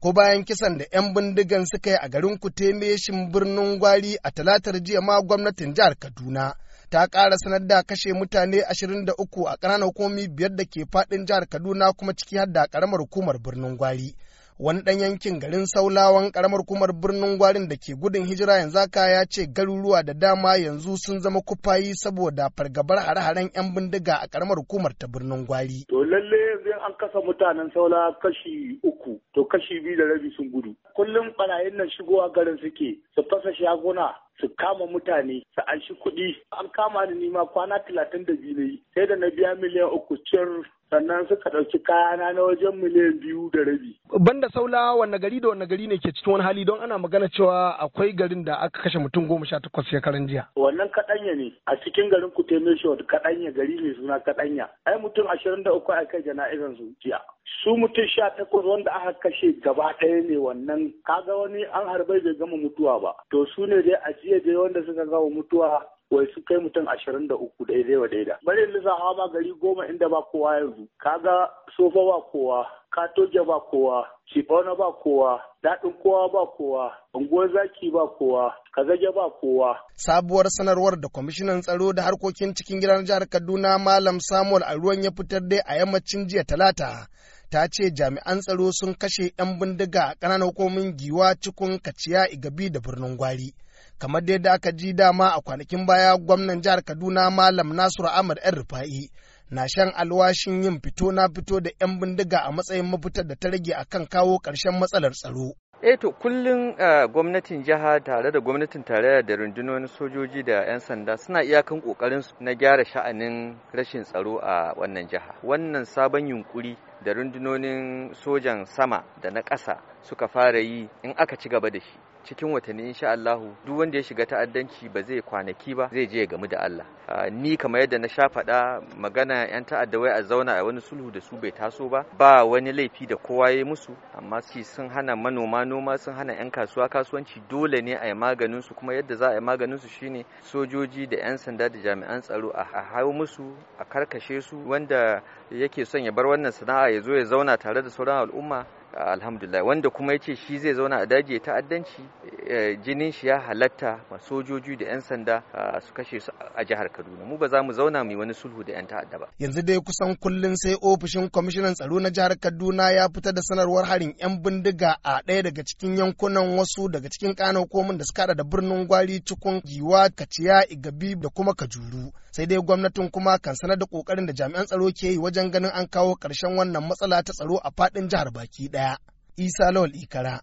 ko bayan kisan da 'yan bindigan suka yi a garin kutemeshin birnin gwari a talatar jiya ma gwamnatin jihar kaduna ta ƙara sanar da kashe mutane 23 a ƙananan hukumomi biyar da ke faɗin jihar kaduna kuma ciki har da ƙaramar hukumar birnin gwari wani ɗan yankin garin saulawan ƙaramar kumar birnin gwarin da ke gudun hijira yanzu aka ya ce garuruwa da dama yanzu sun zama kufayi saboda fargabar hare-haren 'yan bindiga a ƙaramar hukumar ta birnin gwari. To lalle yanzu an kasa mutanen saula kashi uku to kashi biyu da rabi sun gudu. Kullum ɓarayin nan shigowa garin suke su fasa shaguna su kama mutane su anshi kuɗi an kama ni ma kwana talatin da biyu ne sai da na biya miliyan uku ciyar sannan suka ɗauki kayana na wajen miliyan biyu da rabi. Banda saula wanne gari da wanne gari ne ke cikin wani hali don ana magana cewa akwai garin da aka kashe mutum goma sha takwas shekaran jiya. Wannan kaɗanya ne a cikin garin Kuteme Short kaɗanya gari ne suna kaɗanya. Ai mutum ashirin da uku aka jana'izan su jiya. Su mutum sha takwas wanda aka kashe gaba ɗaya ne wannan kaga wani an harbai bai gama mutuwa ba. To su ne dai a jiya dai wanda suka gama mutuwa wai su kai mutum ashirin da uku daidai wa daida bari lissafa ba gari goma inda ba kowa yanzu kaga sofa ba kowa katoja ba kowa shifauna ba kowa daɗin kowa ba kowa unguwar zaki ba kowa kazage ba kowa sabuwar sanarwar da kwamishinan tsaro da harkokin cikin gidan jihar kaduna malam samuel ruwan ya fitar dai a yammacin jiya talata ta ce jami'an tsaro sun kashe 'yan bindiga a ƙananan hukumomin giwa cikun kaciya igabi da birnin gwari kamar dai da aka ji dama a kwanakin baya gwamnan jihar kaduna malam nasiru ahmad yan rufa'i na shan alwashin yin fito na fito da 'yan bindiga a matsayin mafitar da ta rage a kan kawo ƙarshen matsalar tsaro eh to kullum eh, gwamnatin jiha tare da gwamnatin tarayya da rundunonin sojoji da 'yan sanda suna iyakan kokarin na gyara sha'anin rashin tsaro a wannan jiha wannan sabon yunkuri da rundunonin sojan sama da na ƙasa suka fara yi in aka ci gaba da shi cikin watanni insha Allahu duk wanda ya shiga ta'addanci ba zai kwanaki ba zai je ya gamu da Allah ni kamar yadda na sha faɗa magana yan ta'adda wai a zauna a wani sulhu da su bai taso ba ba wani laifi da kowa ya musu amma su sun hana manoma noma sun hana yan kasuwa kasuwanci dole ne a yi maganin su kuma yadda za a yi maganin su shine sojoji da yan sanda da jami'an tsaro a hawo musu a karkashe su wanda yake son ya bar wannan sana'a ya zo ya zauna tare da sauran al'umma alhamdulillah wanda kuma ya ce shi zai zauna a daji ya ta'addanci Eh, jinin shi ya halatta ma sojoji da 'yan sanda ah, su kashe su a jihar Kaduna mu ba za mu zauna mu wani sulhu da 'yan ta'adda ba yanzu dai kusan kullum sai ofishin kwamishinan tsaro na jihar Kaduna ya fita da sanarwar harin 'yan bindiga a ɗaya daga cikin yankunan wasu daga cikin kanan komin da suka da birnin Gwari cikin Giwa Kaciya Igabi da kuma Kajuru sai dai gwamnatin kuma kan sanar da kokarin da jami'an tsaro ke yi wajen ganin an kawo ƙarshen wannan matsala ta tsaro a faɗin jihar baki ɗaya. Isa Lawal Ikara